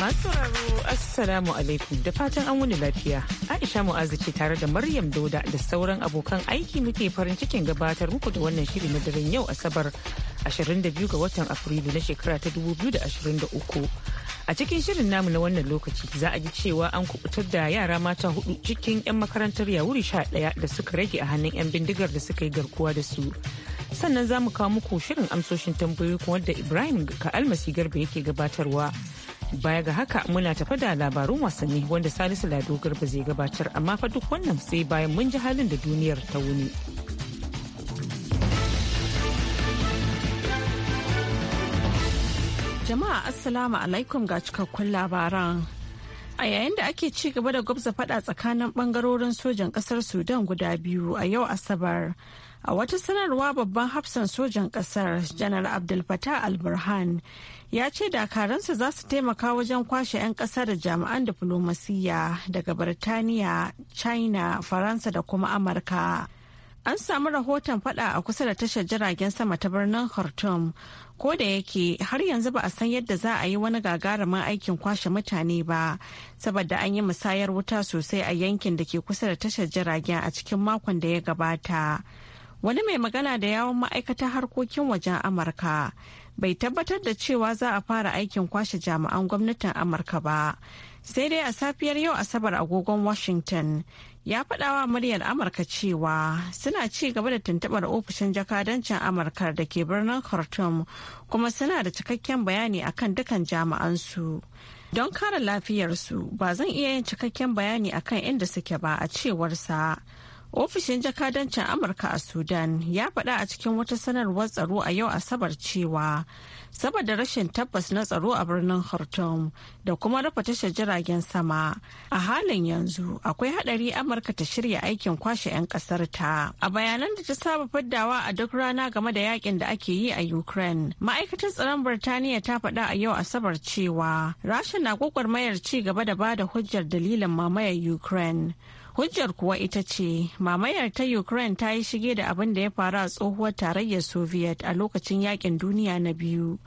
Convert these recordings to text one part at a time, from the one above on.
Masu sauraro Assalamu alaikum da fatan an wuni lafiya. Aisha Mu'azu ce tare da Maryam Dauda da sauran abokan aiki muke farin cikin gabatar muku da wannan shiri na daren yau Asabar 22 ga watan Afrilu na shekara ta 2023. A cikin shirin namu na wannan lokaci za a ji cewa an kubutar da yara mata hudu cikin 'yan makarantar yawuri sha ɗaya da suka rage a hannun 'yan bindigar da suka yi garkuwa da su. Sannan za mu kawo muku shirin amsoshin tambayoyi da Ibrahim almasi Garba yake gabatarwa. Baya ga haka muna tafa da labarun wasanni wanda Salisu Lado Garba zai gabatar amma fa duk wannan sai bayan mun ji halin da duniyar ta wuni. Jama'a Assalamu alaikum ga cikakkun labaran. a yayin da ake ci gaba da gwabza fada tsakanin bangarorin sojan kasar sudan guda biyu a yau asabar a wata sanarwa babban hafsan sojan kasar janar abdul fatah al-burhan ya ce dakaransa za su taimaka wajen kwashe 'yan kasa da jami'an diflomasiyya daga birtaniya china faransa da kuma amurka An samu rahoton fada a kusa da tashar jiragen sama ta birnin Khartoum. Ko da yake har yanzu ba a san yadda za a yi wani gagarumin aikin kwashe mutane ba, saboda an yi musayar wuta sosai a yankin da ke kusa da tashar jiragen a cikin makon da ya gabata. Wani mai magana da yawon ma'aikatar harkokin wajen Amurka bai tabbatar da cewa za a fara aikin kwashe jami'an gwamnatin Amurka ba. sai dai a safiyar yau asabar agogon washington ya faɗawa muryar amurka cewa suna ci gaba da tuntuɓar ofishin jakadancin amurka da ke birnin khartoum kuma suna da cikakken bayani akan dukan jami'ansu don kare lafiyarsu ba zan iya yin cikakken bayani akan inda suke ba a cewarsa Ofishin jakadancin Amurka a Sudan ya faɗa a cikin wata sanarwar tsaro a yau Asabar cewa saboda rashin tabbas na tsaro a birnin Khartoum da kuma rufe tashar jiragen sama a halin yanzu akwai hadari Amurka ta shirya aikin kwashe 'yan kasar ta. A bayanan da ta saba faddawa a duk rana game da yakin da ake yi a Ukraine, ma'aikatar tsaron Birtaniya ta faɗa a yau Asabar cewa Rasha na gwagwarmayar ci gaba da bada hujjar dalilin mamayar Ukraine. hujjar kuwa ita ce mamayar ta ukraine ta yi shige da abin da ya faru a tsohuwar tarayyar soviet a lokacin yakin duniya na biyu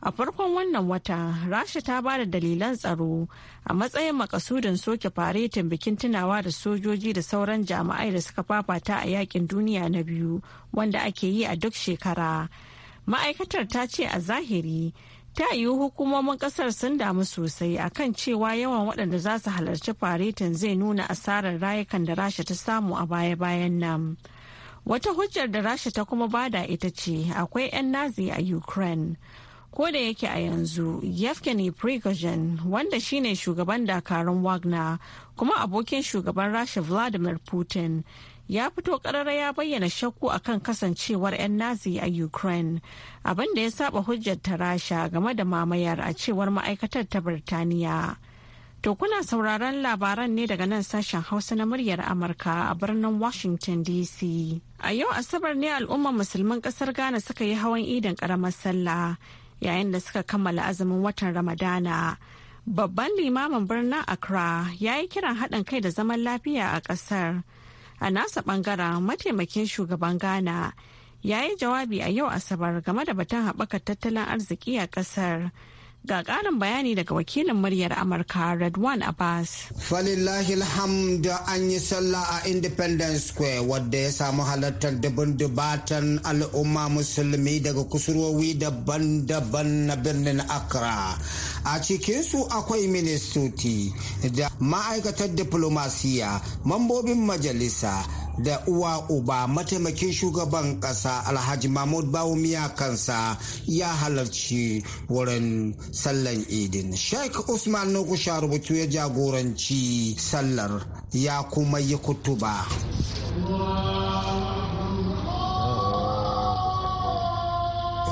a farkon wannan wata rasha ta ba da dalilan tsaro a matsayin makasudin soke faretin bikin tunawa da sojoji da sauran jami'ai da suka fafata a yakin duniya na biyu wanda ake yi a duk shekara ma'aikatar ta ce a zahiri ta yiwu hukumomin kasar sun damu sosai akan cewa yawan waɗanda za su halarci faretin zai nuna asarar rayukan da rasha ta samu a baya-bayan nan wata hujjar da rasha ta kuma bada ita ce akwai 'yan nazi a ukraine ko da yake a yanzu yevgeny prigozhin wanda shine shugaban dakarun wagner kuma abokin shugaban rasha vladimir putin ya fito karara ya bayyana shakku akan kasancewar 'yan nazi a ukraine Abinda ya saba hujjar ta rasha game da mamayar a cewar ma'aikatar ta birtaniya to kuna sauraron labaran ne daga nan sashen hausa na muryar amurka a birnin washington dc a yau asabar ne al'ummar musulman kasar ghana suka yi hawan idan karamar sallah yayin da suka kammala azumin watan ramadana babban limamin birnin accra ya yi kiran haɗin kai da zaman lafiya a ƙasar a nasa bangaren mataimakin shugaban ghana ya yi jawabi a yau asabar game da batun haɓakar tattalin arziki a ƙasar Ga ƙarin bayani daga wakilin muryar Amurka Redwan Abbas. Falillahi alhamdu an yi sallah a Independence Square wadda ya samu halartar dubun dubatan al'umma musulmi daga kusurwowi daban-daban na birnin Accra. A cikinsu akwai ministoci da ma'aikatar diplomasiya, mambobin majalisa, da uwa uba mataimakin shugaban kasa alhaji mahmud bawumiya kansa ya halarci wurin sallan idin sheikh usman nogusha rubutu ya jagoranci sallar ya kuma yi kutuba.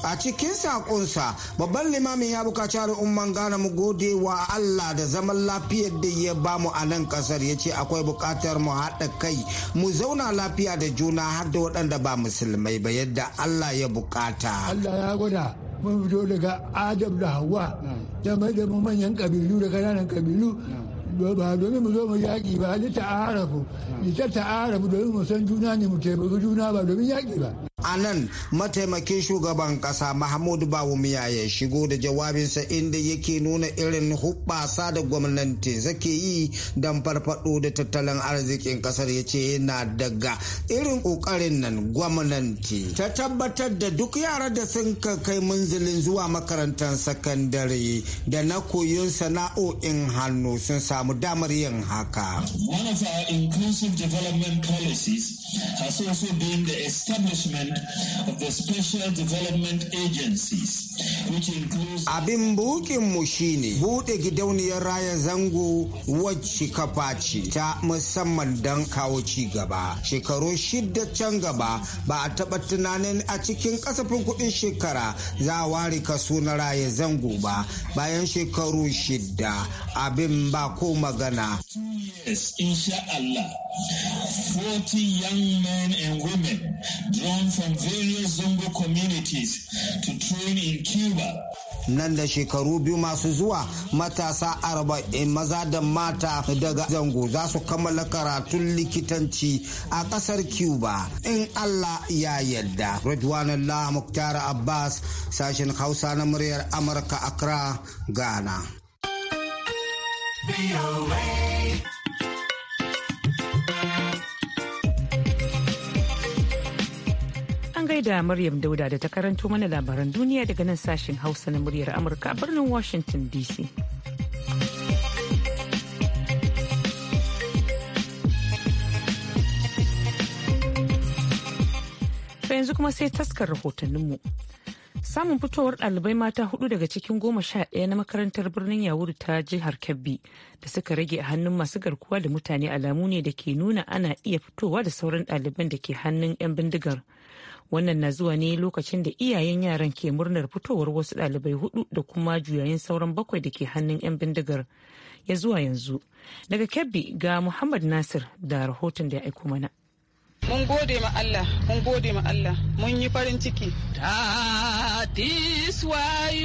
a cikin sakonsa babban limamin ya bukaci al'umman gane mu gode wa allah da zaman lafiyar da ya bamu a nan kasar ya ce akwai bukatar mu haɗa kai mu zauna lafiya da juna har da waɗanda ba musulmai ba yadda allah ya bukata allah ya gwada mun fito daga adam da hawa da hmm. mai da manyan kabilu da kananan kabilu hmm. ba domin mu zo mu yaƙi ba ni ta'arafu hmm. ni ta'arafu domin mu san juna ne mu taimaki juna ba domin yaƙi ba a nan mataimakin shugaban kasa mahmud bawumiya ya shigo da jawabinsa inda yake nuna irin hubbasa da gwamnati zake yi don farfado da tattalin arzikin kasar ya ce yana daga irin kokarin nan gwamnati ta tabbatar da duk yara da sun kai munzilin zuwa makarantar sakandare da na koyon sana'o'in hannu sun samu damar yin haka. One of our inclusive development policies has also been the establishment Abin bukinmu shine shine buɗe gidauniyar raya zango wacce kafa ta musamman don kawo ci gaba. Shekaru shidda can gaba ba a taɓa tunanin a cikin kasafin kuɗin shekara za a ware kaso na raya zango ba bayan shekaru shidda abin ba ko magana. Yes, from various Zongo communities to train in Cuba. Nan da shekaru biyu masu zuwa matasa arba'in maza da mata daga zango za su kammala karatun likitanci a ƙasar Cuba in Allah ya yarda. Radwanallah Muktar Abbas sashen Hausa na muryar Amurka Accra, Ghana. da Maryam Dauda da ta karanto mana labaran duniya daga nan sashen Hausa na muryar Amurka a birnin Washington DC. ta yanzu kuma sai taskar rahotanninmu. Samun fitowar ɗalibai mata hudu daga cikin goma sha ɗaya na makarantar birnin Yawuru ta jihar Kebbi da suka rage a hannun masu garkuwa da mutane alamu ne da ke nuna ana iya fitowa da sauran ɗaliban da ke hannun 'yan bindigar. wannan na zuwa ne lokacin da iyayen yaran ke murnar fitowar wasu ɗalibai hudu da kuma juyayen sauran bakwai da ke hannun 'yan bindigar ya zuwa yanzu daga kebbi ga muhammad nasir da rahoton da ya aiko mana mun gode ma Allah mun gode ma Allah mun yi farin ciki that is why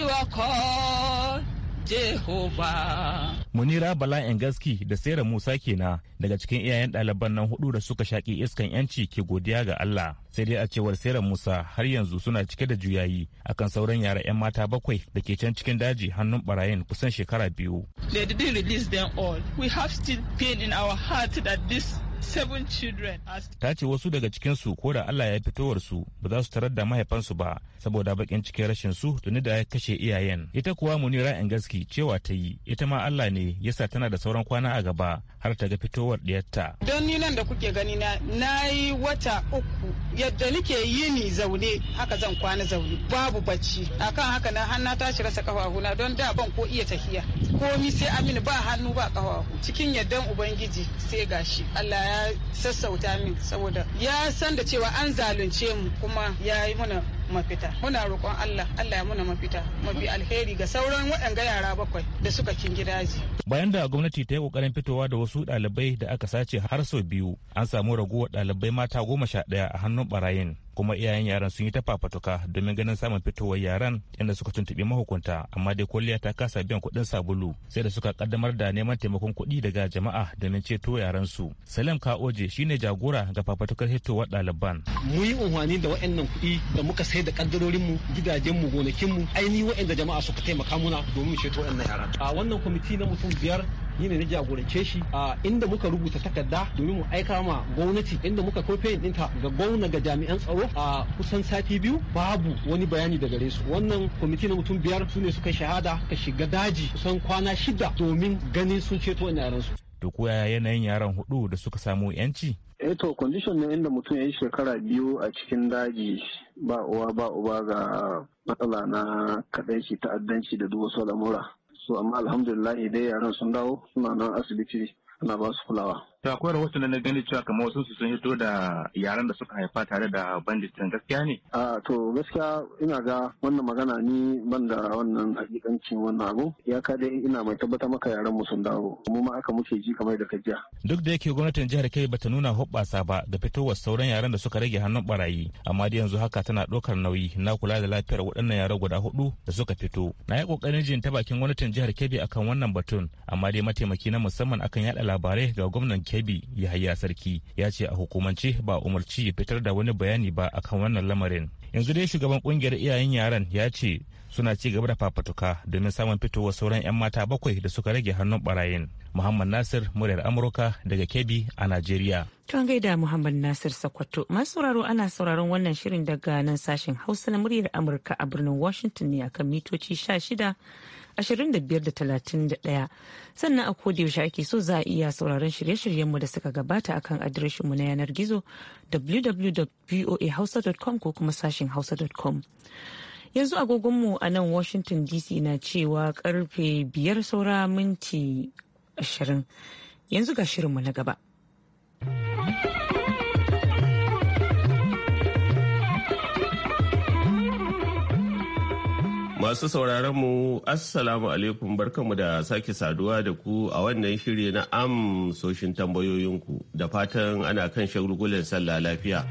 Jehovah munira yan gaski da sera musa kenan daga cikin iyayen ɗaliban nan hudu da suka shaƙi iskan yanci ke godiya ga allah sai dai a cewar sera musa har yanzu suna cike da juyayi akan sauran yara 'yan mata bakwai da ke can cikin daji hannun barayin kusan shekara biyu they didn't release them all we have still pain in our heart that this Ta ce wasu daga cikinsu ko da Allah ya fitowar su ba za su tarar da mahaifansu ba saboda bakin cikin rashin su tuni da ya kashe iyayen. Ita kuwa Munira gaski cewa ta yi ita ma Allah ne yasa tana da sauran kwana a gaba har ta ga fitowar diyarta. Don ni nan da kuke gani na na yi wata uku yadda nike ni zaune haka zan kwana zaune babu bacci akan haka na hannu tashi rasa kafafuna don da ban ko iya tafiya komi sai amini ba hannu ba kafafu cikin yardan ubangiji sai gashi Allah ya sassauta min saboda ya san da cewa an zalunce mu kuma ya yi mana mafita muna roƙon Allah Allah ya muna mafita mafi alheri ga sauran waɗanga yara bakwai da suka kin gidaji bayan da gwamnati ta yi kokarin fitowa da wasu ɗalibai da aka sace har sau biyu an samu raguwar ɗalibai mata goma sha ɗaya a hannun barayin kuma iyayen yaran sun yi ta fafatuka domin ganin samun fitowar yaran inda suka tuntuɓi mahukunta amma dai kwalliya ta kasa biyan kuɗin sabulu sai da suka kaddamar da neman taimakon kuɗi daga jama'a domin ceto yaran su salim kaoje shine jagora ga fafatukar hitowar ɗaliban. mu yi unhwani da wa'annan kuɗi da muka sai da kaddarorin mu mu gidajenmu gonakinmu ainihi wa'anda jama'a suka taimaka muna domin ceto wa'annan yaran a wannan kwamiti na mutum biyar ni ne na jagorance shi a inda muka rubuta takarda domin mu aika ma gwamnati inda muka kofe ɗinta ga gwamna ga jami'an tsaro a kusan sati biyu babu wani bayani daga gare su wannan kwamiti na mutum biyar su ne suka shahada ka shiga daji kusan kwana shida domin ganin sun ceto wani yaran su. To koya yanayin yaran hudu da suka samu yanci? Eh to condition ne inda mutum ya yi shekara biyu a cikin daji ba uwa ba uba ga matsala na kaɗaici ta'addanci da duk wasu al'amura. su amma alhamdulillah dai yaran sun dawo suna nan asibiti ana ba su kulawa to akwai rahoton na gani cewa kamar wasu su sun hito da yaran da suka haifa tare da banditin gaskiya ne a to gaskiya ina ga wannan magana ni ban da wannan hakikancin wannan abu ya ka dai ina mai tabbata maka yaran mu sun dawo mu ma aka muke ji kamar da ka jiya duk da yake gwamnatin jihar Kebbi bata nuna hoɓɓasa ba da fitowar sauran yaran da suka rage hannun barayi amma da yanzu haka tana ɗaukar nauyi na kula da lafiyar waɗannan yara guda hudu da suka fito na yi ƙoƙarin jin ta bakin gwamnatin jihar Kebbi akan wannan batun amma dai mataimaki na musamman akan yada labarai ga gwamnan kebbi yahaya sarki ya ce a hukumance ba umarci ya fitar da wani bayani ba akan wannan lamarin yanzu dai shugaban kungiyar iyayen yaran ya ce suna ci gaba da fafatuka domin samun fitowar sauran 'yan mata bakwai da suka rage hannun barayin muhammad nasir muryar amurka daga kebbi a najeriya tun gaida muhammad nasir sakwato masu sauraro ana sauraron wannan shirin daga nan sashen hausa na muryar amurka a birnin washington ne akan mitoci sha shida. 25 da 31 sannan a yaushe ake so za a iya sauraron shirye-shiryenmu da suka gabata akan adireshinmu na yanar gizo www.voahausa.com ko kuma sashin hausa.com. yanzu agogonmu a nan washington dc na cewa karfe biyar saura minti 20 yanzu ga shirinmu na gaba. Masu sauraron mu Assalamu alaikum barkanmu da sake saduwa da ku a wannan shiri na amsoshin tambayoyinku da fatan ana kan shagulgulan sallah lafiya.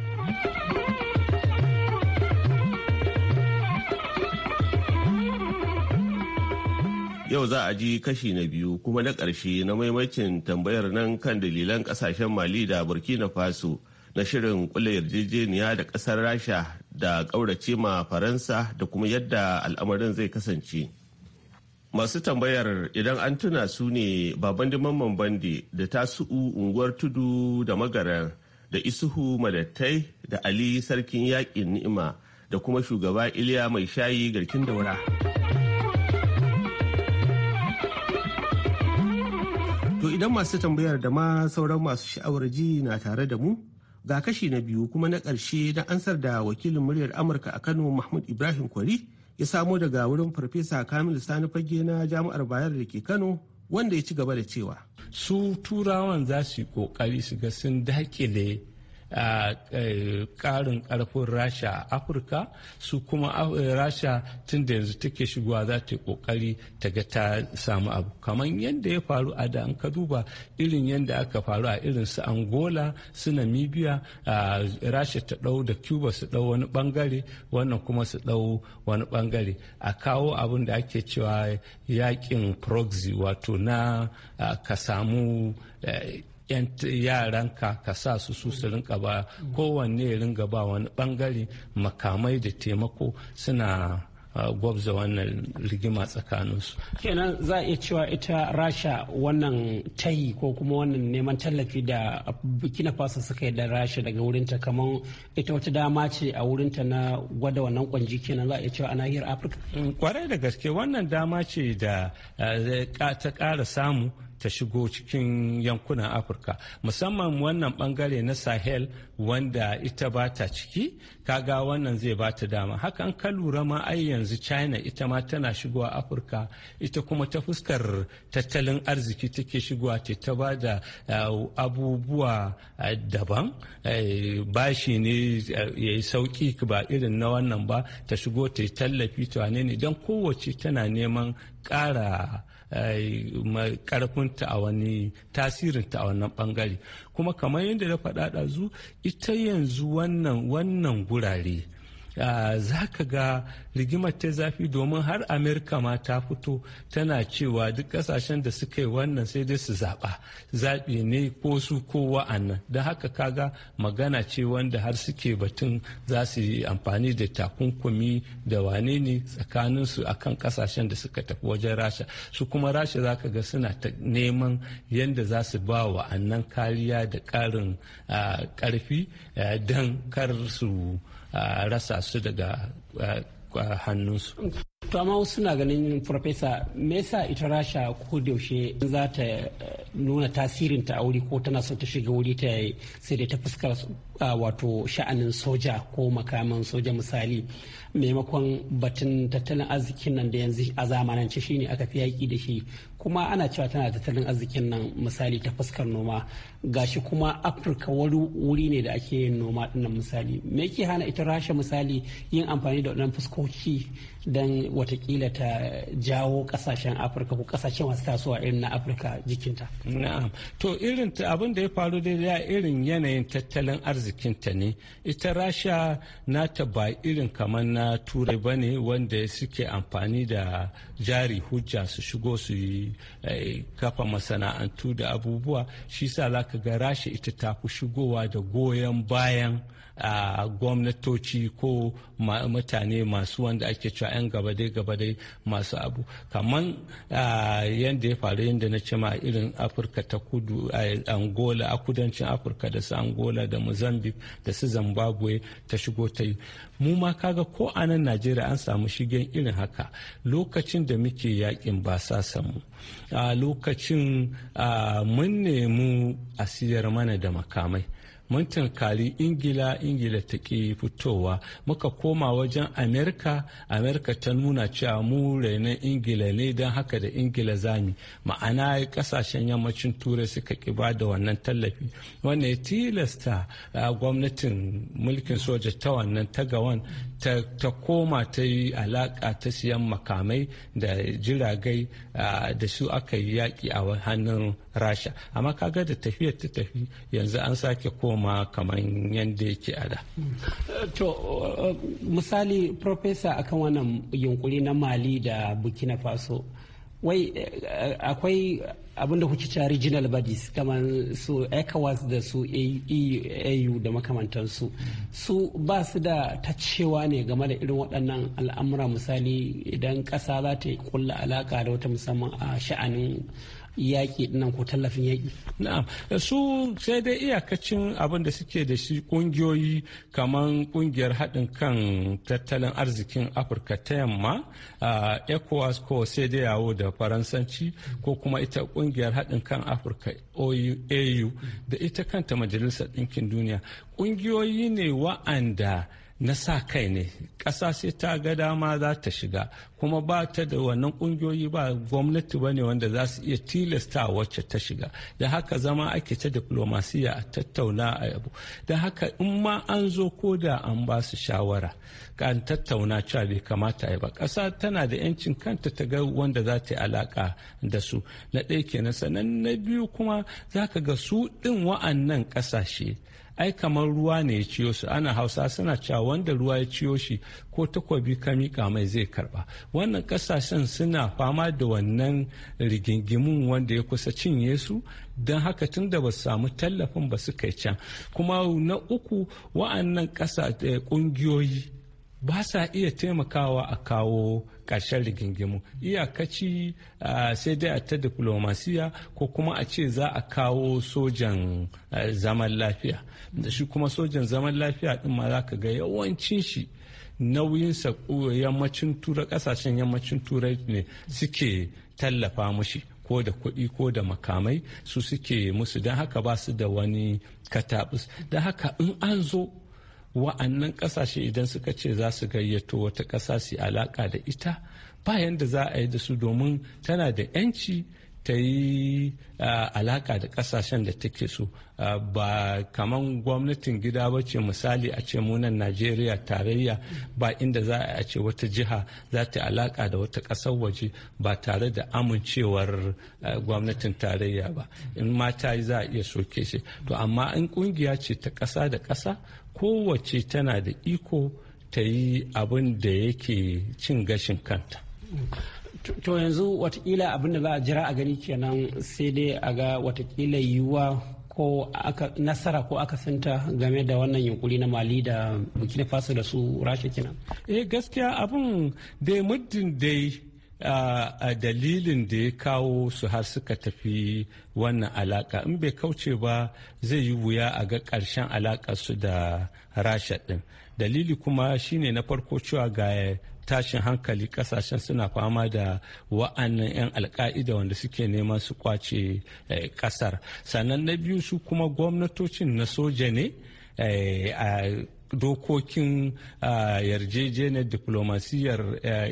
Yau za a ji kashi na biyu kuma na ƙarshe na maimacin tambayar nan kan dalilan ƙasashen Mali da Burkina Faso na shirin kula yarjejeniya da ƙasar Rasha da ƙaurace ma faransa da kuma yadda al'amarin zai kasance masu tambayar idan an tuna su ne baban mamman bandi da tasu'u unguwar tudu da magaran da isuhu madattai da ali sarkin yaƙin ni'ima da kuma shugaba iliya mai shayi garkin daura to idan masu tambayar da ma sauran masu sha'awar ji na tare da mu Ga kashi na biyu kuma na ƙarshe na ansar da wakilin muryar Amurka a Kano Mahmud Ibrahim Kwari ya samo daga wurin Farfesa Kamil Sani Fage na Jami'ar Bayar da ke Kano wanda ya ci gaba da cewa. Su turawan za su yi ƙoƙari su ga sun dakile ƙarin karfin rasha a afirka su kuma rasha tun da yanzu take shigowa za ta yi ƙoƙari ta ga ta samu abu kamar yadda ya faru a da an ka duba irin yadda aka faru a irin su angola su namibia rasha ta ɗau da cuba su ɗau wani bangare wannan kuma su ɗau wani bangare a kawo abin da ake cewa yaƙin proxy wato na ka samu eh, yaranka ka sa su su su rinka ba kowanne ringa ba wani bangare makamai da taimako suna gwabza wannan rigima tsakaninsu. kenan za a iya cewa ita rasha wannan tayi ko kuma wannan neman tallafi da bukina faso suka yi da rasha daga wurinta kamar ita wata dama ce a wurinta na gwada wannan kwanji kenan za a iya cewa a nahiyar afirka mm, kwarai da gaske wannan dama ce da ta kara samu ta shigo cikin yankunan afirka musamman wannan bangare na sahel wanda ita ba ta ciki kaga wannan zai ba ta dama hakan ka lura ma ai yanzu china ita ma tana shigowa afirka ita kuma ta fuskar tattalin arziki take shigowa ta ta ba da eh, abubuwa eh, daban eh, bashi ne ya yi sauki ba irin na wannan ba ta shigo ta yi tallafi ta ne don kowace tana neman ƙara karfinta eh, a wani tasirinta a wannan bangare kuma kamar yadda na faɗa ɗazu ita yanzu wannan wannan gurare Ah, za ka ga rigimar ta zafi domin har amerika ma ta fito tana cewa duk kasashen da suka yi wannan sai dai su zaɓa zaɓi ne ko su ko wa'annan don haka kaga magana ce wanda har suke batun za su yi amfani da takunkumi da wane ne tsakaninsu kan kasashen da suka tafi wajen rasha su kuma rasha za ka ga suna ta neman yadda za su ba wa'annan kariya da ƙarin ah, ƙarfi eh, don kar su a rasa su daga hannunsu. To amma wasu na ganin Farfesa me yasa ita rasha ko da yaushe za ta eh, nuna tasirin ta a wuri ko tana son ta shiga wuri ta sai dai ta fuskar wato sha'anin soja ko makaman soja misali maimakon batun tattalin arzikin nan da yanzu a zamanance shine aka fi yaki da shi kuma ana cewa tana da tattalin arzikin nan misali ta fuskar noma gashi kuma afirka wani wuri ne da ake yin noma dinnan misali me ke hana ita rasha misali yin amfani da wannan fuskoki don watakila ta jawo kasashen afirka ko kasashen masu tasowa irin na afirka jikinta na'am to irin abin da ya faru da irin yanayin tattalin arzikinta ne ita rasha nata ba irin kamar na turai bane wanda suke amfani da jari hujja su shigo su yi Eh, kafa masana'antu da abubuwa shi sa za ka ga rasha ita ta fi shigowa da goyon bayan A gwamnatoci ko mutane masu wanda ake cewa 'yan gaba dai dai masu abu kamar yadda ya faru yadda na ce ma irin afirka ta kudu a angola a kudancin afirka da su angola da mozambique da su zimbabwe ta shigo ta yi mu ma kaga ko a nan najeriya an samu shigen irin haka lokacin da muke yakin ba sa samu a lokacin mun nemi a siyar mana da makamai mun tunkari ingila ingila ta ke fitowa muka koma wajen amerika amerika ta nuna cewa mu rainon ingila ne don haka da ingila zami ma'ana kasashen yammacin turai suka ki ba da wannan tallafi wanda ya tilasta gwamnatin mulkin soja ta wannan tagawan ta koma ta yi alaka ta siyan makamai da jiragai da su aka yi yaƙi a hannun rasha amma kaga da tafiyar ta tafi yanzu an sake koma kamar yadda yake a da to misali profesa akan wannan yunkuri na mali da burkina faso wai eh, akwai abinda da kuke cewa regional bodies kamar su ecowas da su au e e da makamantansu su ba su da ta ne game da irin waɗannan al'amura misali idan ƙasa za ta yi kulla alaka da wata musamman a sha'anin yaƙi nan ko tallafin yaƙi. Na'am su sai dai iyakacin abin da suke da shi ƙungiyoyi kamar ƙungiyar haɗin kan tattalin arzikin Afirka ta yamma ECOWAS ko sai dai yawo da Faransanci ko kuma ita ƙungiyar haɗin kan Afirka AU da ita kanta Majalisar Ɗinkin Duniya. Ƙungiyoyi ne wa'anda na sa kai ne ƙasa sai ta ga dama za ta shiga kuma ba ta da wannan ƙungiyoyi ba gwamnati ba ne wanda za su iya tilasta wacce ta shiga da haka zama ake ta diplomasiya a tattauna a yabo da haka in ma an zo ko da an ba su shawara kan tattauna cewa bai kamata ya ba ƙasa tana da 'yancin kanta ta ga wanda za ta yi alaƙa da su na ɗaya kenan sannan na biyu kuma za ka ga su ɗin wa'annan ƙasashe ai kamar ruwa ne ya ciyo su ana hausa suna cewa wanda ruwa ya ciyo shi ko takobi ka mika mai zai karba wannan kasashen suna fama da wannan rigingimun wanda ya kusa cinye su don haka tun da ba su samu tallafin ba su kai can kuma na uku wa'annan ƙasa eh, ƙungiyoyi ba sa iya taimakawa a kawo ƙarshen rigingimu iyakaci sai dai a ta diplomasiya ko kuma a ce za a kawo sojan zaman lafiya da shi kuma sojan zaman lafiya ɗin ma za ka ga yawancin shi nauyinsa yammacin turai ƙasashen yammacin turai ne suke tallafa mushi ko da kuɗi ko da makamai su suke musu don haka ba su da wani katabus don haka in an zo wa'annan kasashe idan suka ce za su gayyato wata ƙasa su alaka da ita bayan da za a yi da su domin tana da 'yanci ta yi alaka da kasashen da take so ba kamar gwamnatin gida ba ce misali a ce munan najeriya tarayya ba inda za a ce wata jiha za ta alaka da wata ƙasar waje ba tare da amincewar gwamnatin tarayya ba in mata za a iya soke shi to amma in kungiya ce ta ƙasa da ƙasa kowace tana da iko ta yi abin da yake cin gashin kanta to yanzu watakila abin da za a jira a gani kenan sai dai a ga watakila yiwuwa ko aka nasara ko aka santa game da wannan yunkuri na mali da bukina faso da su rasha kenan eh gaskiya abin da muddin dai a dalilin da ya kawo su har suka tafi wannan alaka in bai kauce ba zai yi wuya a ga ƙarshen su da rasha ɗin dalili kuma shine na farko cewa ga tashin hankali kasashen suna fama da wa'annan 'yan alka'ida wanda suke neman su kwace kasar eh, sannan na biyu su kuma gwamnatocin na soja ne eh, a dokokin yarjejeniyar diplomasiyar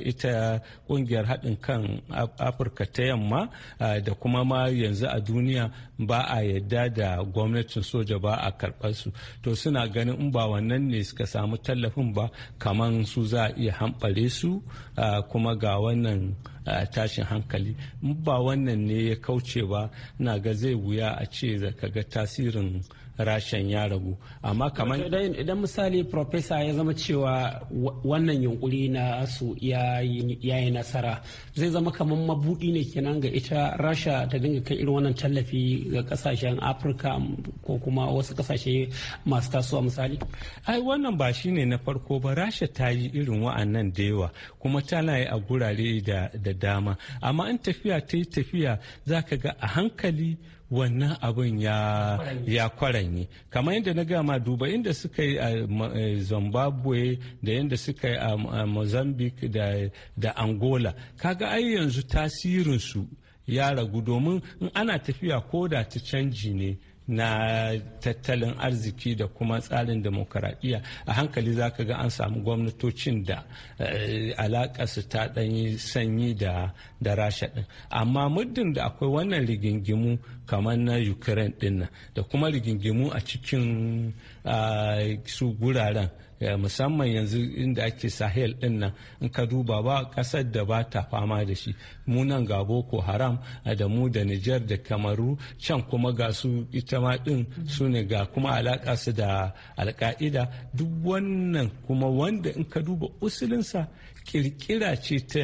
ita kungiyar haɗin kan afirka ta yamma da kuma ma yanzu a duniya ba a yadda da gwamnatin soja ba a karɓar su to suna ganin in ba wannan ne suka samu tallafin ba kaman su za a iya hamɓare su kuma ga wannan tashin hankali in ba wannan ne ya kauce ba na ga zai wuya a ce ka ga tasirin rashin ya ragu amma kamar idan misali profesa ya zama cewa wannan yunkuri na su ya yi nasara zai zama kamar mabudi ne kenan ga ita rasha ta dinga kai irin wannan tallafi ga kasashen afirka ko kuma wasu kasashe masu tasowa misali ai wannan ba shine na farko ba rasha ta yi irin wa'annan da yawa kuma tana yi a gurare da dama amma in tafiya ta yi tafiya zaka ga a hankali wannan abin ya kwaranyi kamar yadda na gama duba inda suka yi a eh, eh, zimbabwe da yadda suka yi a mozambique da angola kaga ai yanzu tasirinsu ya ragu domin in ana tafiya ko da ta canji ne na tattalin arziki da kuma tsarin demokaradiyya a hankali za ka ga an samu gwamnatocin da eh, su ta ɗanyi sanyi da rasha ɗin amma muddin da akwai wannan rigingimu kamar na ukraine ɗin da kuma rigingimu a cikin ah, su guraren musamman yanzu inda ake sahel din nan in ka duba ba kasar da ba ta fama da shi munan ga boko haram da mu da nijar da kamaru can kuma ga su ita ma din su ne ga kuma alaka su da alka'ida duk wannan kuma wanda in ka duba usulinsa kirkira ce ta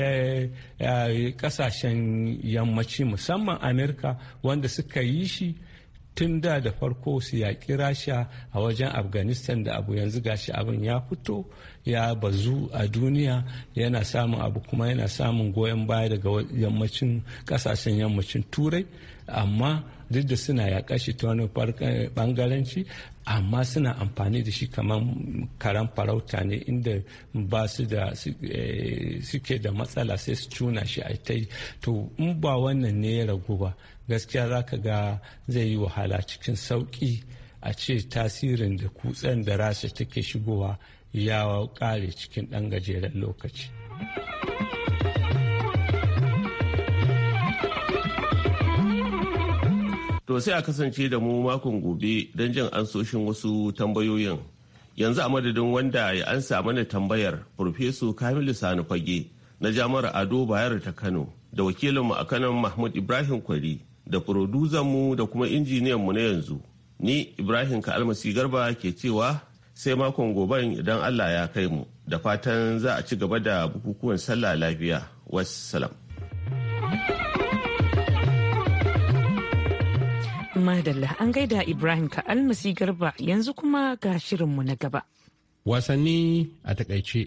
kasashen eh, yammaci musamman amerika wanda suka yi shi tun da da farko su yaƙi rasha a wajen afghanistan da abu yanzu gashi abin ya fito ya bazu a duniya yana samun abu kuma yana samun goyon baya daga yammacin kasashen yammacin turai amma duk da suna yaƙa shi ta wani bangaranci amma suna amfani da shi kamar karan farauta ne inda ba su da eh, suke da matsala sai su cuna shi a ta yi to in ba wannan ne ya ragu ba gaskiya za ka ga zai yi wahala cikin sauƙi a ce tasirin da kutsen da rasha take shigowa ya kare cikin ɗan gajeren lokaci. To sai a kasance da mu makon gobe don jin ansoshin wasu tambayoyin. Yanzu a madadin wanda ya ansa mana tambayar Profeso Kamilu Sani Fage na Jami'ar Ado Bayero ta Kano da wakilinmu a Kanon Mahmud Ibrahim Kwari da mu da kuma injiniyanmu na yanzu. Ni Ibrahim Ka'almasi Garba ke cewa sai makon gobe idan Allah ya kai mu da fatan za a ci gaba da bukukuwan sallah lafiya wassalam madalla an gaida ibrahim ka almasi garba yanzu kuma ga shirinmu na gaba wasanni a takaice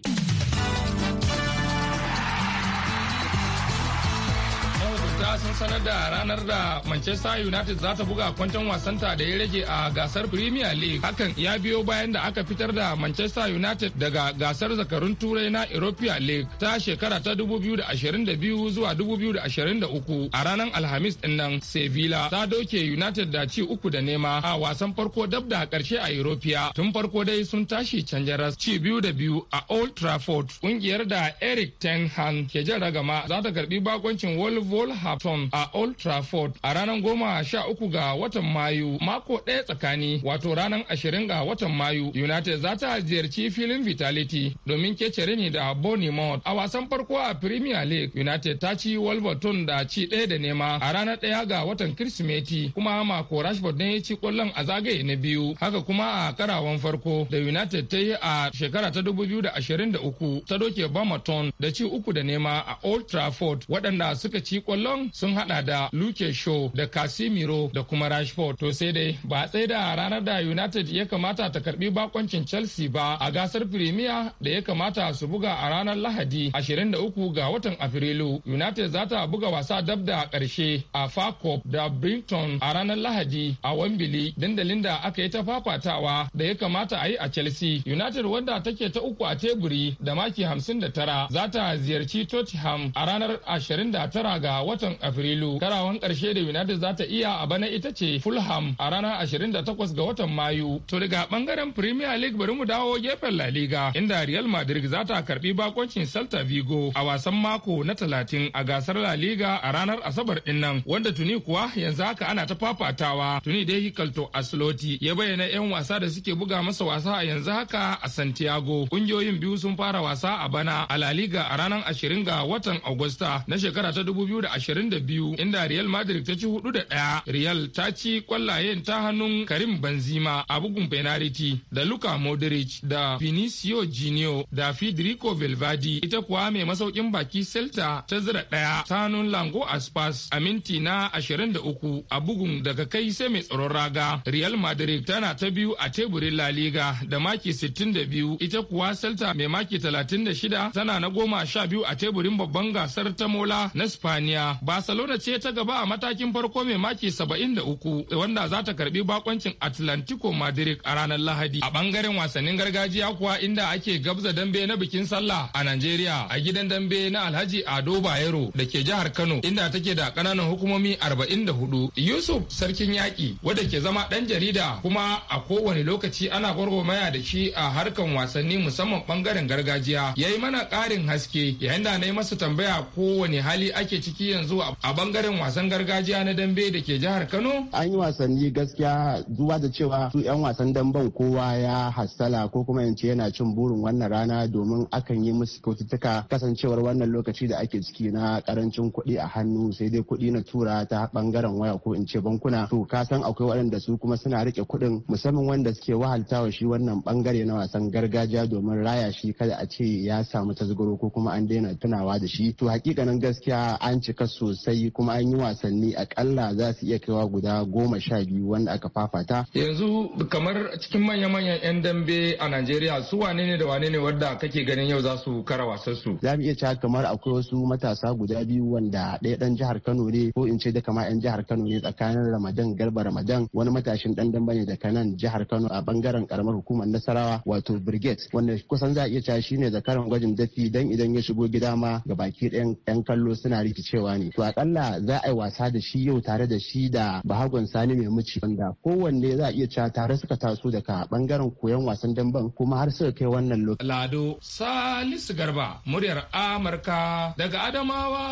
sanar da ranar da Manchester United za ta buga kwanton wasanta da ya rage a gasar Premier League. Hakan ya biyo bayan da aka fitar da Manchester United daga gasar zakarun turai na Europa League ta shekara ta 2022 zuwa 2023. A ranar Alhamis din nan Sevilla ta doke United da ci uku da nema a wasan farko dab da karshe a Europa. Tun farko dai sun tashi canjaras ci biyu da biyu a Old Trafford. Kungiyar da Eric Ten Hag ke jan ragama za ta karbi bakoncin Wolverhampton a Old Trafford a ranar goma sha uku ga watan Mayu mako ɗaya tsakani wato ranar ashirin ga watan Mayu United za ta ziyarci filin Vitality domin kecere ne da Bournemouth a wasan farko a Premier League United ta ci Wolverton da ci ɗaya da nema a ranar ɗaya ga watan Kirsimeti kuma mako Rashford ne ya ci kwallon a zagaye na biyu haka kuma a karawan farko da United ta yi a shekara ta 2023 ta doke Bournemouth da ci uku da nema a Old Trafford waɗanda suka ci kwallon sun hada da Luke Shaw da Casemiro da kuma Rashford. To sai dai ba tsaye da ranar da United ya kamata ta karbi bakoncin Chelsea ba a gasar Premier da ya kamata su buga a ranar Lahadi 23 ga watan Afrilu. United za ta buga wasa dab da karshe a Farkop da Brighton a ranar Lahadi a Wembley dandalin da aka yi ta fafatawa da ya kamata a yi a Chelsea. United wanda take ta uku a teburi da maki 59 za ta ziyarci Tottenham a ranar 29 ga watan Afrilu. Afrilu. Tarawan ƙarshe da United za ta iya a bana ita ce Fulham a ranar 28 ga watan Mayu. To daga bangaren Premier League bari mu dawo gefen La Liga inda Real Madrid za ta karbi bakoncin Celta Vigo a wasan mako na 30 a gasar La Liga a ranar Asabar din nan wanda tuni kuwa yanzu haka ana ta fafatawa. Tuni dai Hikalto Asloti ya bayyana 'yan wasa da suke buga masa wasa a yanzu haka a Santiago. ƙungiyoyin biyu sun fara wasa a bana a La Liga a ranar 20 ga watan Agusta na shekara ta 2022 biyu inda Real Madrid ta ci hudu da ɗaya. Real ta ci kwallayen ta hannun Karim Benzema a bugun penalty da Luka Modric da Vinicio Junior da Federico Velvadi ita kuwa mai masaukin baki Celta ta zira ɗaya ta hannun Lango Aspas a minti na 23 a bugun daga kai sai mai tsaron raga. Real Madrid tana ta biyu a teburin La Liga da maki 62 ita kuwa Celta mai maki 36 tana na goma sha biyu a teburin babban gasar ta mola na Spaniya basa barcelona ce ta gaba a matakin farko mai maki 73 wanda za ta karbi bakoncin atlantico madrid a ranar lahadi a bangaren wasannin gargajiya kuwa inda ake gabza dambe na bikin sallah a Najeriya a gidan dambe na alhaji ado bayero da ke jihar kano inda take da kananan hukumomi 44 yusuf sarkin yaki wadda ke zama ɗan jarida kuma a kowane lokaci ana gwargwamaya da shi a harkan wasanni musamman bangaren gargajiya ya yi mana ƙarin haske yayin da na yi masa tambaya kowane hali ake ciki yanzu a bangaren wasan gargajiya na dambe da ke jihar kano an yi wasanni gaskiya zuwa da cewa su yan wasan damben kowa ya hassala ko kuma yance yana cin burin wannan rana domin akan yi musu kyaututtuka kasancewar wannan lokaci da ake ciki na karancin kuɗi a hannu sai dai kuɗi na tura ta bangaren waya ko in ce bankuna to ka san akwai waɗanda su kuma suna rike kuɗin musamman wanda suke wahaltawa shi wannan bangare na wasan gargajiya domin raya shi kada a ce ya samu tasgaro ko kuma an daina tunawa da shi to hakikanin gaskiya an cika sosai yi kuma an yi wasanni akalla za su iya kaiwa guda goma sha biyu wanda aka fafata. Yanzu kamar cikin manya-manyan 'yan dambe a Najeriya su wane ne da wane ne wadda kake ganin yau za su kara wasan su. Za mu iya cewa kamar akwai wasu matasa guda biyu wanda ɗaya dan jihar Kano ne ko in ce da kama 'yan jihar Kano ne tsakanin Ramadan Garba Ramadan wani matashin ɗan dambe ne daga nan jihar Kano a bangaren karamar hukumar Nasarawa wato Brigade wanda kusan za a iya cewa shine zakaran gwajin dafi dan idan ya shigo gida ma ga baki ɗayan 'yan kallo suna rikicewa ne. a akalla za a yi wasa da shi yau tare da shi da bahagon sani mai muci wanda kowanne za a iya cewa tare suka taso daga bangaren koyon wasan damben kuma har suka kai wannan lokaci. Lado Salisu Garba muryar Amurka daga Adamawa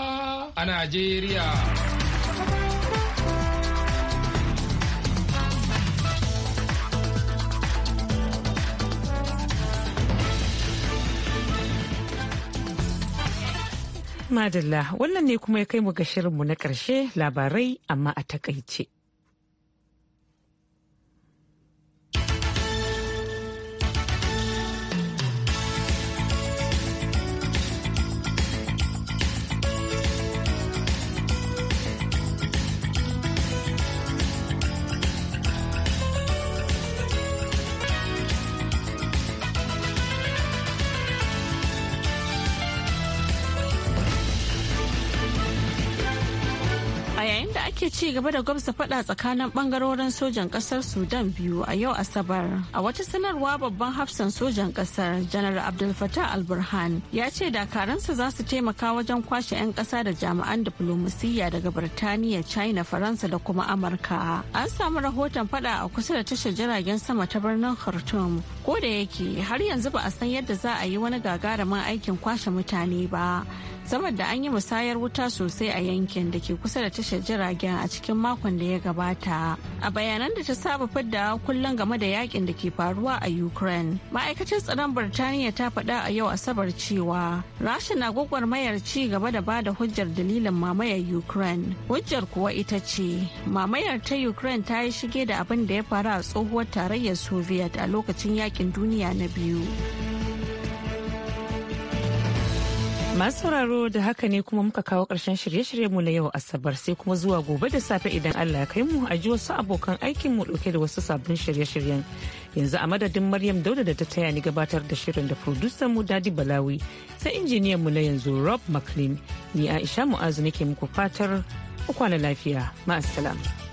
a Najeriya. Madalla, wannan ne kuma ya kai mu ga shirinmu na ƙarshe labarai amma a takaice. gaba da gwamsa fada tsakanin bangarorin sojan kasar Sudan biyu a yau Asabar. A wata sanarwa babban hafsan sojan kasar Janar Abdul Fattah al ya ce dakaransa za su taimaka wajen kwashe 'yan kasa da jami'an diflomasiyya daga Birtaniya, China, Faransa da kuma Amurka. An samu rahoton fada a kusa da tashar jiragen sama ta birnin Khartoum. Ko da yake har yanzu ba a san yadda za a yi wani gagarumin aikin kwashe mutane ba. da an yi musayar wuta sosai a yankin da ke kusa da tashar jiragen a cikin makon da ya gabata a bayanan da ta saba fadda kullum game da yakin da ke faruwa a ukraine ma'aikacin tsaron birtaniya ta faɗa a yau asabar cewa rasha na gwagwarmayar ci gaba da ba da hujjar dalilin mamayar ukraine hujjar kuwa ita ce mamayar ta ukraine ta yi shige da abin da ya faru a tsohuwar tarayyar soviet a lokacin yakin duniya na biyu Masu sauraro da haka ne kuma muka kawo ƙarshen shirye-shiryenmu na yau Asabar sai kuma zuwa gobe da safe idan Allah ya kai mu a ji wasu abokan aikin mu ɗauke da wasu sabbin shirye-shiryen. Yanzu a madadin Maryam Dauda da ta taya ni gabatar da shirin da producer mu Dadi Balawi sai injiniyan mu na yanzu Rob McLean ni Aisha Mu'azu nake muku fatar kwana lafiya. ma'asala.